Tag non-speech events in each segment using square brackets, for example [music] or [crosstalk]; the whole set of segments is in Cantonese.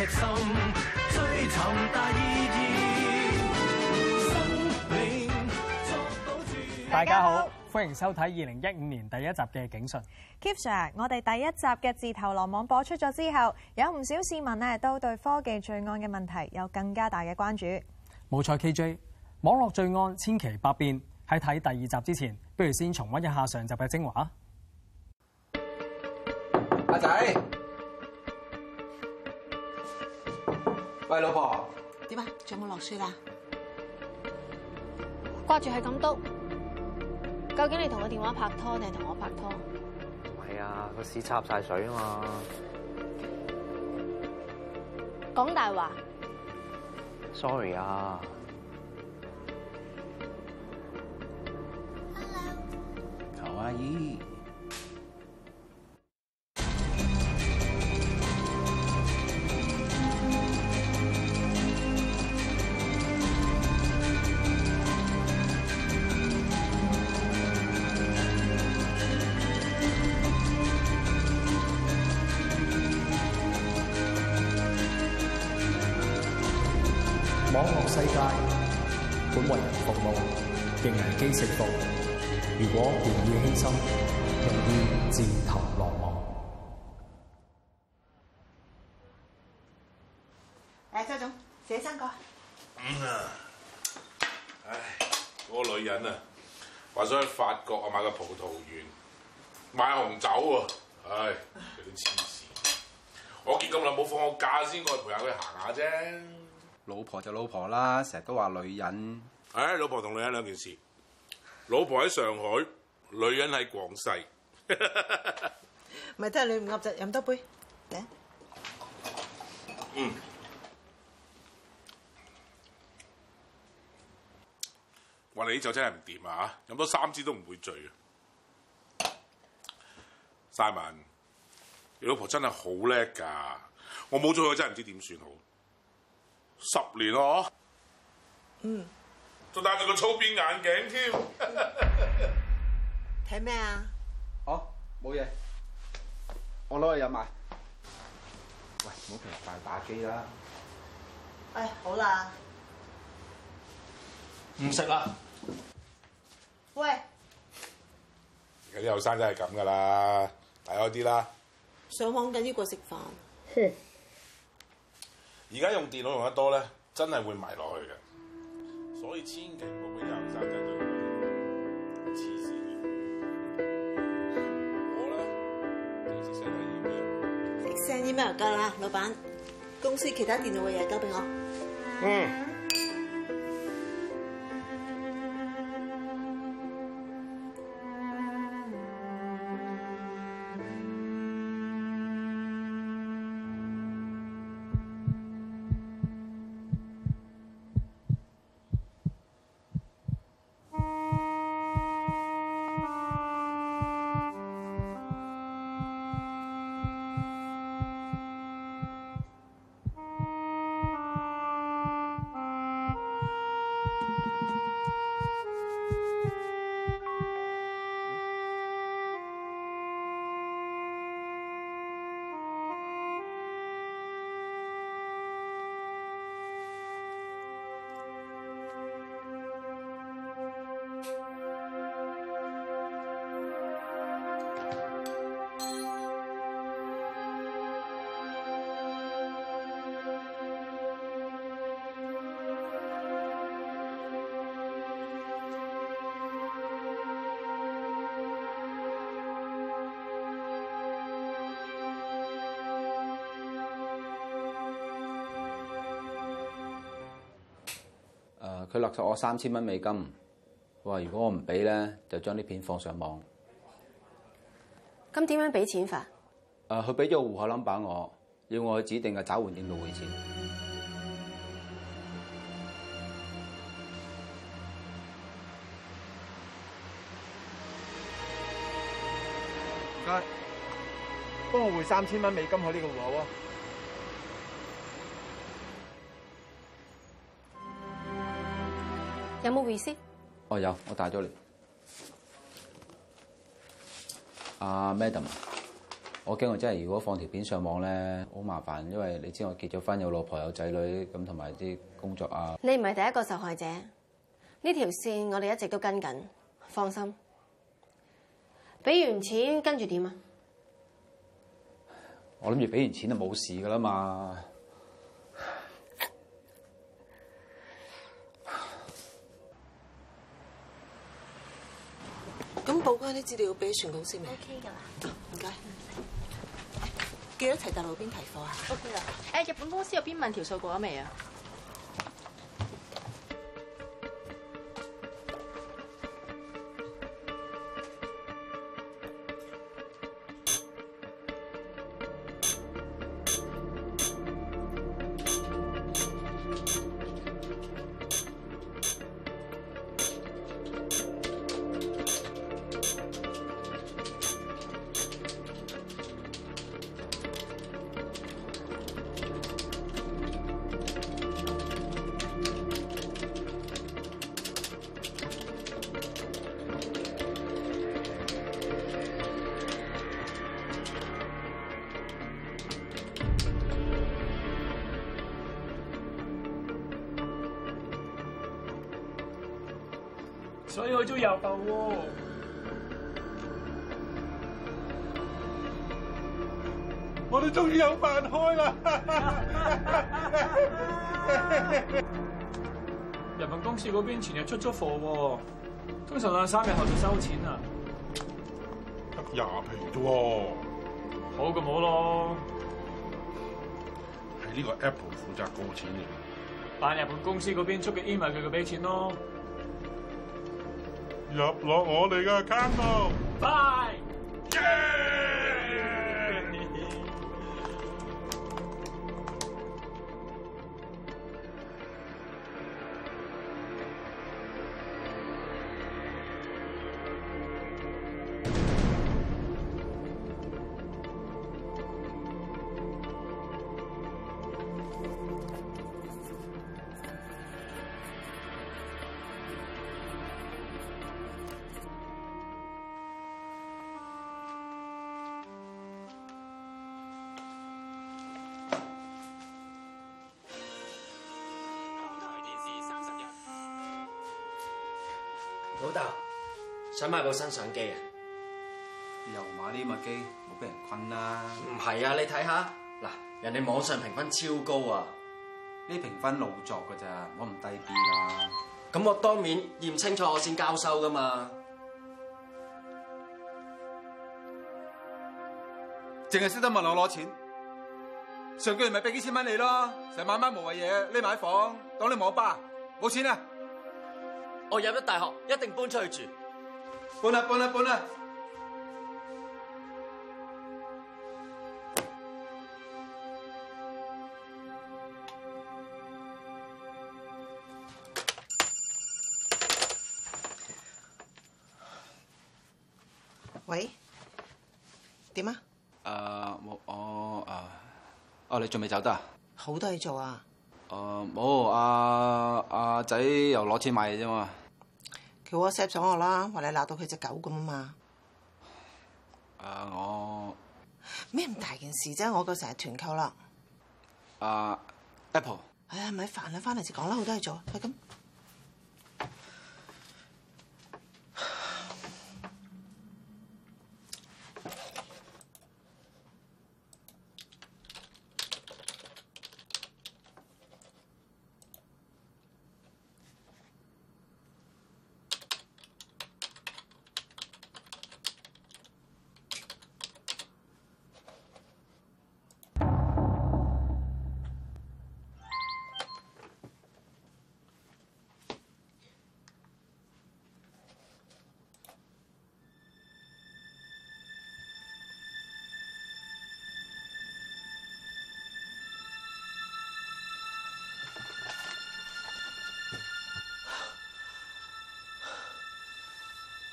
[music] 大家好，歡迎收睇二零一五年第一集嘅警訊。Keep Sir，我哋第一集嘅自投羅網播出咗之後，有唔少市民呢都對科技罪案嘅問題有更加大嘅關注。冇錯，K J。網絡罪案千奇百變，喺睇第二集之前，不如先重溫一下上集嘅精華。阿仔。喂，老婆，點啊？仲有冇落雪啊？掛住係咁篤，究竟你同個電話拍拖定係同我拍拖？唔係啊，個屎插晒水啊嘛！講大話！Sorry 啊，Hello，求阿姨。網絡世界本為人服務，定係危機四伏。如果掉以輕心，容易自投羅網。誒，周總，寫三個。嗯啊，唉，嗰、那個女人啊，話想去法國啊買個葡萄園，買紅酒啊。唉，有啲黐線。我見咁耐冇放我假，先過去陪下佢行下啫。老婆就老婆啦，成日都話女人。誒、哎，老婆同女人兩件事。老婆喺上海，女人喺廣西。咪 [laughs] 聽下你鴨仔飲多杯。嗯。我哋啲酒真係唔掂啊！飲多三支都唔會醉嘅、啊。曬文，你老婆真係好叻㗎。我冇咗佢真係唔知點算好。十年哦，嗯，仲戴住個粗邊眼鏡添，睇咩啊？好，冇嘢，我攞嚟飲埋。喂，唔好停，快打機啦！哎，好啦，唔食啦。喂，而家啲後生真係咁噶啦，睇開啲啦。上網緊呢個食飯。哼。而家用電腦用得多咧，真係會埋落去嘅，所以千祈唔好俾後生仔對住。黐線嘅，我咧直接 send email。send email 夠啦，老闆，公司其他電腦嘅嘢交俾我。嗯。佢勒索我三千蚊美金，佢話如果我唔俾咧，就將啲片放上網。咁點樣俾錢法？誒、啊，佢俾咗個戶口 number，我要我去指定嘅找換店度匯錢。唔該，幫我匯三千蚊美金去呢個戶口喎。有冇回事？哦有，我帶咗你。阿、uh, Madam，我驚我真係如果放條片上網咧，好麻煩，因為你知我結咗婚有老婆有仔女，咁同埋啲工作啊。你唔係第一個受害者，呢條線我哋一直都跟緊，放心。俾完錢跟住點啊？我諗住俾完錢就冇事噶啦嘛。 [laughs] 咁報關啲資料要俾船公司未？O K 噶啦，唔該，記得提大路邊提貨啊。O K 啦，誒，日本公司有邊問條數過咗未啊？所以我做油頭喎，我哋終於有辦開啦！日本公司嗰邊前日出咗貨喎，通常兩三日後就收錢啦，得廿皮啫喎，好就冇咯。喺呢個 Apple 負責告錢嘅，辦日本公司嗰邊出嘅 email，佢就俾錢咯。入落我哋嘅坑度。老豆想買部新相機啊！又買呢物機，冇俾人困啦。唔係啊，你睇下嗱，人哋網上評分超高啊。嗯，呢評分老作噶咋，我唔低啲啦。咁我當面驗清楚，我先交收噶嘛。淨係識得問我攞錢，上個月咪俾幾千蚊你咯，成晚買買無謂嘢，匿埋房，當你網吧，冇錢啦。我入咗大學，一定搬出去住。搬啦，搬啦，搬啦。喂？點、uh, uh, uh, 啊？誒，冇我誒，哦，你仲未走得啊？好多嘢做啊？誒、uh,，冇阿阿仔又攞錢買嘢啫嘛？佢 WhatsApp 咗我啦，話你鬧到佢隻狗咁啊嘛！啊、uh, 我咩咁大件事啫，我夠成日團購啦。啊、uh, Apple，哎呀，咪煩啦，返嚟就講啦，好多嘢做，係咁。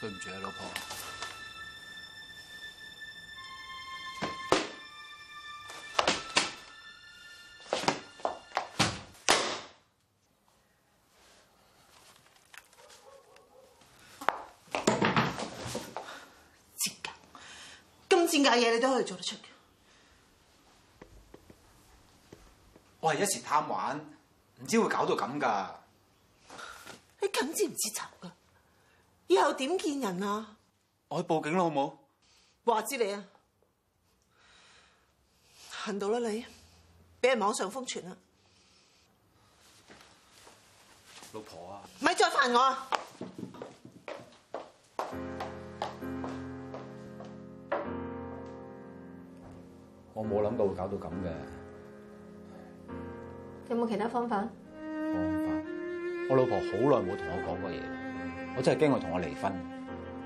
對唔住啊，老婆！咁賤格嘅嘢你都可以做得出嘅。我係一時貪玩，唔知會搞到咁噶。你咁知唔知醜噶？以後點見人啊？我去報警啦，好冇？話之你啊，恨到啦你，俾人網上瘋傳啊！老婆啊！唔咪再煩我！我冇諗到會搞到咁嘅。有冇其他方法？方法？我老婆好耐冇同我講過嘢。我真係驚我同我離婚，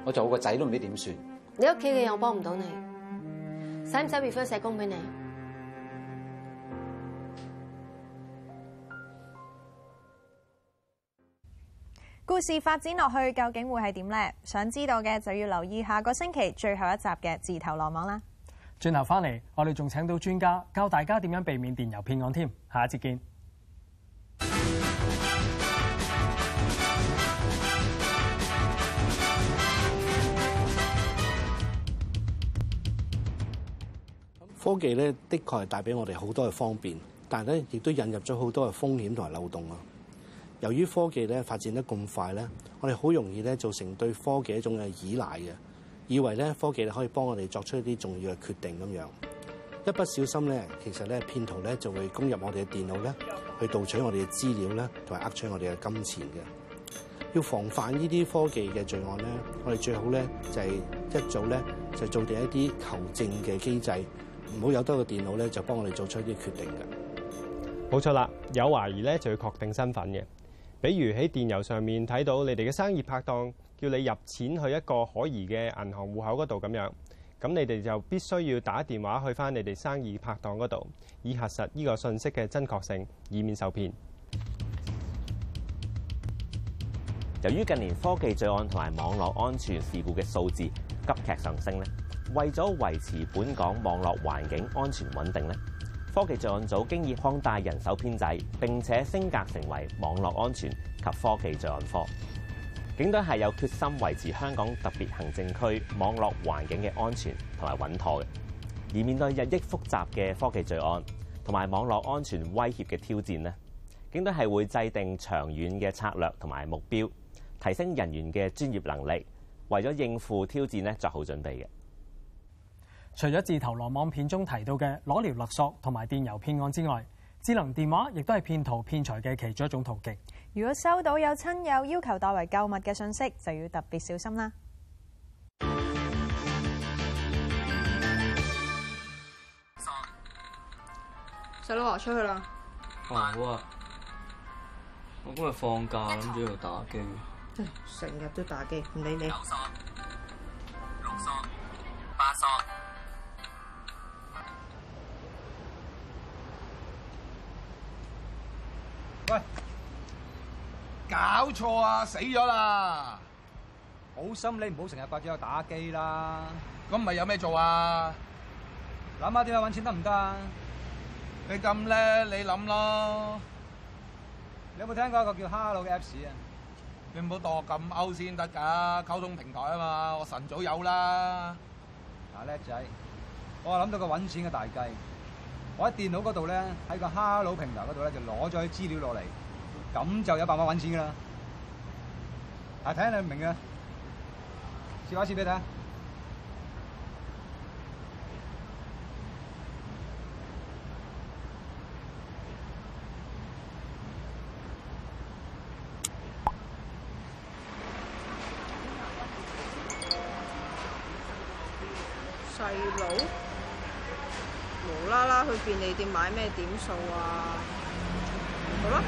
我做個仔都唔知點算。你屋企嘅嘢我幫唔到你，使唔使 refer 社工俾你？故事發展落去究竟會係點咧？想知道嘅就要留意下個星期最後一集嘅自投羅網啦。轉頭翻嚟，我哋仲請到專家教大家點樣避免電郵騙案添。下一次見。科技咧，的確係帶俾我哋好多嘅方便，但係咧，亦都引入咗好多嘅風險同埋漏洞啊。由於科技咧發展得咁快咧，我哋好容易咧造成對科技一種嘅依賴嘅，以為咧科技咧可以幫我哋作出一啲重要嘅決定咁樣。一不小心咧，其實咧騙徒咧就會攻入我哋嘅電腦咧，去盜取我哋嘅資料咧，同埋呃取我哋嘅金錢嘅。要防範呢啲科技嘅罪案咧，我哋最好咧就係一早咧就做定一啲求證嘅機制。唔好由得個電腦咧就幫我哋做出啲決定噶，冇錯啦。有懷疑咧就要確定身份嘅，比如喺電郵上面睇到你哋嘅生意拍檔叫你入錢去一個可疑嘅銀行戶口嗰度咁樣，咁你哋就必須要打電話去翻你哋生意拍檔嗰度，以核實呢個信息嘅真確性，以免受騙。由於近年科技罪案同埋網絡安全事故嘅數字急劇上升咧，為咗維持本港網絡環境安全穩定咧，科技罪案組經已擴大人手編制，並且升格成為網絡安全及科技罪案科。警隊係有決心維持香港特別行政區網絡環境嘅安全同埋穩妥嘅。而面對日益複雜嘅科技罪案同埋網絡安全威脅嘅挑戰咧，警隊係會制定長遠嘅策略同埋目標。提升人員嘅專業能力，為咗應付挑戰咧，作好準備嘅。除咗自投羅網片中提到嘅裸聊勒索同埋電郵騙案之外，智能電話亦都係騙徒騙財嘅其中一種途徑。如果收到有親友要求代為購物嘅訊息，就要特別小心啦。細佬啊，出去啦！啊、哦、好啊，我今日放假，諗住喺度打機。成日都打機，唔理你。九梭、六梭、八梭。喂！搞錯啊，死咗啦！好心你唔好成日擺住喺度打機啦。咁唔係有咩做啊？諗下點樣搵錢得唔得啊？你咁叻，你諗咯。你有冇聽過一個叫 Hello 嘅 Apps 啊？你唔好度咁 out 先得㗎，溝通平台啊嘛，我晨早有啦。嗱，叻仔，我諗到一個揾錢嘅大計，我喺電腦嗰度咧，喺個 Hello 平台嗰度咧就攞咗啲資料落嚟，咁就有辦法揾錢㗎喇。啊，睇得明啊？試下試畀你睇。細佬，無啦啦去便利店買咩點數啊？好啦，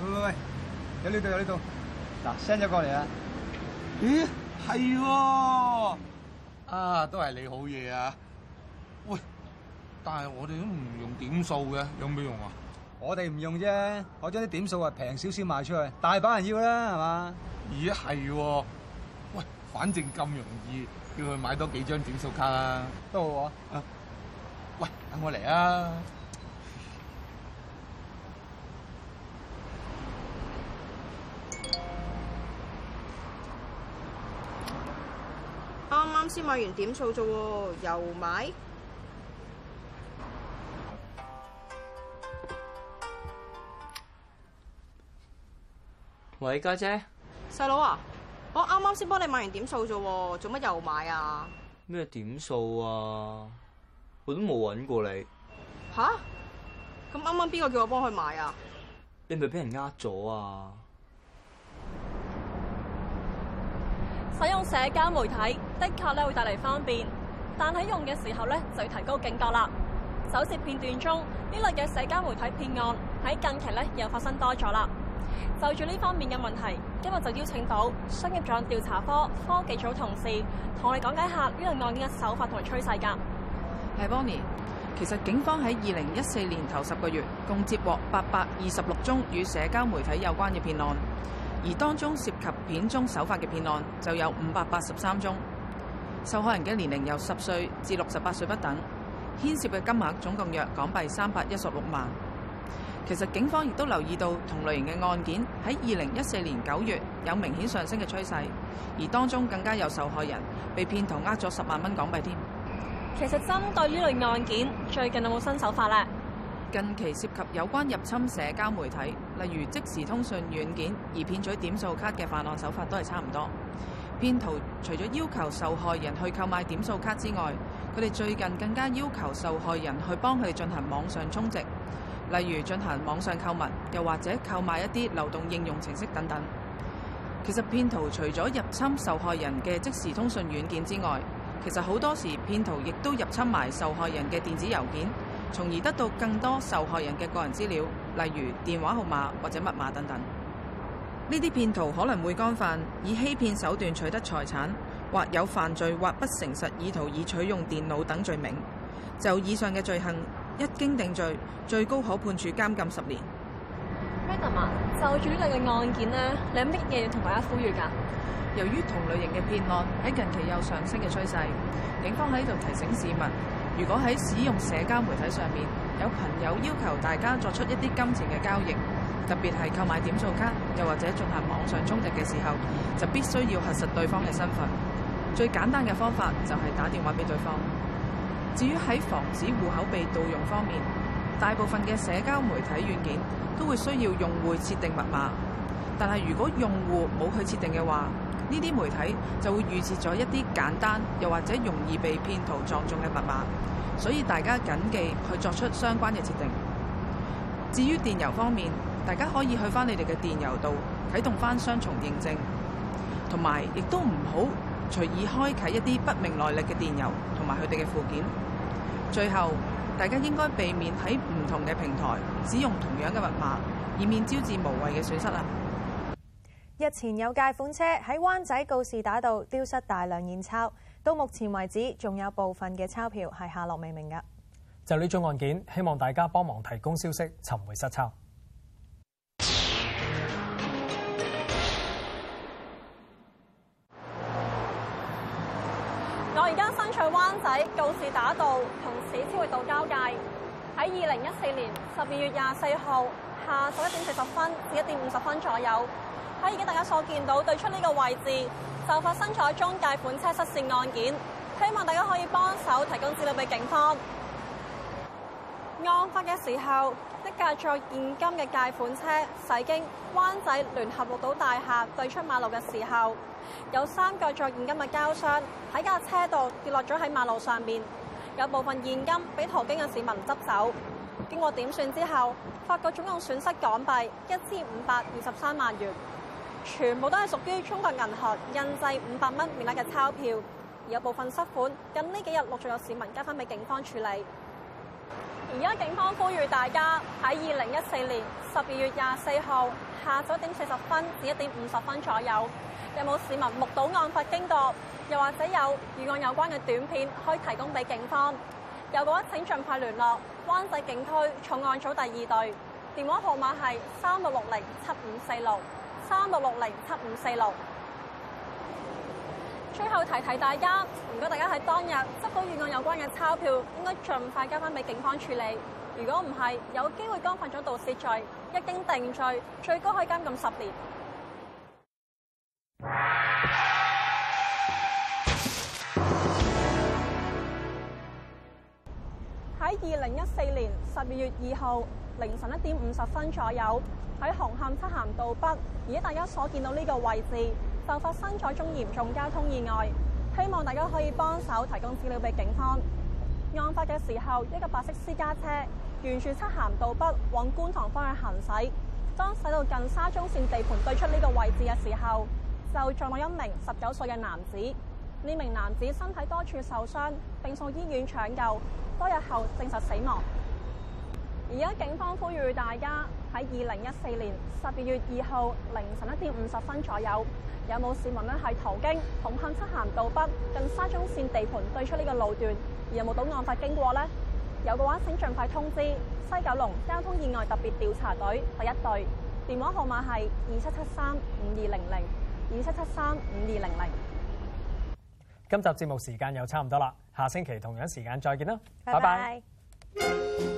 喂喂喂，有呢度有呢度，嗱，send 咗過嚟啊？咦，係喎，啊，啊，都係你好嘢啊！但係我哋都唔用點數嘅，有咩用啊？我哋唔用啫，我將啲點數啊平少少賣出去，大把人要啦，係嘛？咦係，喂，反正咁容易，叫佢買多幾張點數卡啊，都好啊。喂，等我嚟啊！啱啱先買完點數啫，又買？喂，家姐，姐，細佬啊！我啱啱先幫你買完點數啫，做乜又買啊？咩點數啊？我都冇揾過你。吓、啊？咁啱啱邊個叫我幫佢買啊？你咪俾人呃咗啊？剛剛啊，使用社交媒體的確咧會帶嚟方便，但喺用嘅時候咧就要提高警覺啦。首先片段中呢類嘅社交媒體騙案喺近期咧又發生多咗啦。就住呢方面嘅問題，今日就邀請到商業罪案調查科科技組同事同我哋講解下呢類案件嘅手法同埋趨勢噶係、hey, Bonnie，其實警方喺二零一四年頭十個月共接獲八百二十六宗與社交媒體有關嘅騙案，而當中涉及片中手法嘅騙案就有五百八十三宗。受害人嘅年齡由十歲至六十八歲不等，牽涉嘅金額總共約港幣三百一十六萬。其實警方亦都留意到同類型嘅案件喺二零一四年九月有明顯上升嘅趨勢，而當中更加有受害人被騙徒呃咗十萬蚊港幣添。其實針對呢類案件，最近有冇新手法呢？近期涉及有關入侵社交媒體，例如即時通訊軟件而騙取點數卡嘅犯案手法都係差唔多。騙徒除咗要求受害人去購買點數卡之外，佢哋最近更加要求受害人去幫佢哋進行網上充值。例如進行網上購物，又或者購買一啲流動應用程式等等。其實騙徒除咗入侵受害人嘅即時通訊軟件之外，其實好多時騙徒亦都入侵埋受害人嘅電子郵件，從而得到更多受害人嘅個人資料，例如電話號碼或者密碼等等。呢啲騙徒可能會幹犯以欺騙手段取得財產，或有犯罪或不誠實意圖以取用電腦等罪名。就以上嘅罪行，一經定罪，最高可判處監禁十年。Madam，受處理嘅案件咧，你有乜嘢要同大家呼籲噶？由於同類型嘅騙案喺近期有上升嘅趨勢，警方喺度提醒市民，如果喺使用社交媒體上面有朋友要求大家作出一啲金錢嘅交易，特別係購買點數卡，又或者進行網上充值嘅時候，就必須要核實對方嘅身份。最簡單嘅方法就係打電話俾對方。至於喺防止戶口被盜用方面，大部分嘅社交媒體軟件都會需要用戶設定密碼。但係，如果用戶冇去設定嘅話，呢啲媒體就會預設咗一啲簡單又或者容易被騙徒撞中嘅密碼。所以大家謹記去作出相關嘅設定。至於電郵方面，大家可以去返你哋嘅電郵度啟動返雙重認證，同埋亦都唔好隨意開啟一啲不明來歷嘅電郵同埋佢哋嘅附件。最後，大家應該避免喺唔同嘅平台使用同樣嘅密碼，以免招致無謂嘅損失啦。日前有解款車喺灣仔告士打道丟失大量現鈔，到目前為止仲有部分嘅鈔票係下落未明嘅。就呢宗案件，希望大家幫忙提供消息，尋回失鈔。告示打道同市超域道交界，喺二零一四年十二月廿四號下十一點四十分至一點五十分左右，喺而家大家所見到對出呢個位置就發生咗中介款車失竊案件，希望大家可以幫手提供資料俾警方。案發嘅時候，一架着現金嘅借款車駛經灣仔聯合鹿島大廈對出馬路嘅時候，有三架着現金嘅膠箱喺架車度跌落咗喺馬路上面，有部分現金俾途經嘅市民執走。經過點算之後，發覺總共損失港幣一千五百二十三萬元，全部都係屬於中國銀行印製五百蚊面額嘅鈔票，而有部分失款近呢幾日陸續有市民交翻俾警方處理。而家警方呼籲大家喺二零一四年十二月廿四號下晝一點四十分至一點五十分左右，有冇市民目睹案發經過，又或者有與案有關嘅短片，可以提供俾警方。有嘅話請盡快聯絡灣仔警區重案組第二隊，電話號碼係三六六零七五四六三六六零七五四六。最後提提大家，如果大家喺當日執到與案有關嘅鈔票，應該盡快交翻俾警方處理。如果唔係，有機會干犯咗盜竊罪，一經定罪，最高可以監禁十年。喺二零一四年十二月二號凌晨一點五十分左右，喺紅磡漆咸道北，而家大家所見到呢個位置。就發生咗宗嚴重交通意外，希望大家可以幫手提供資料俾警方。案發嘅時候，一個白色私家車沿住漆咸道北往觀塘方向行駛，當駛到近沙中線地盤對出呢個位置嘅時候，就撞到一名十九歲嘅男子。呢名男子身體多處受傷，並送醫院搶救，多日後證實死亡。而家警方呼籲大家喺二零一四年十二月二號凌晨一點五十分左右，有冇市民呢，係途經紅磡七行道北近沙中線地盤對出呢個路段，而有冇到案發經過呢？有嘅話，請盡快通知西九龍交通意外特別調查隊第一隊，電話號碼係二七七三五二零零二七七三五二零零。200，今集節目時間又差唔多啦，下星期同樣時間再見啦，拜拜。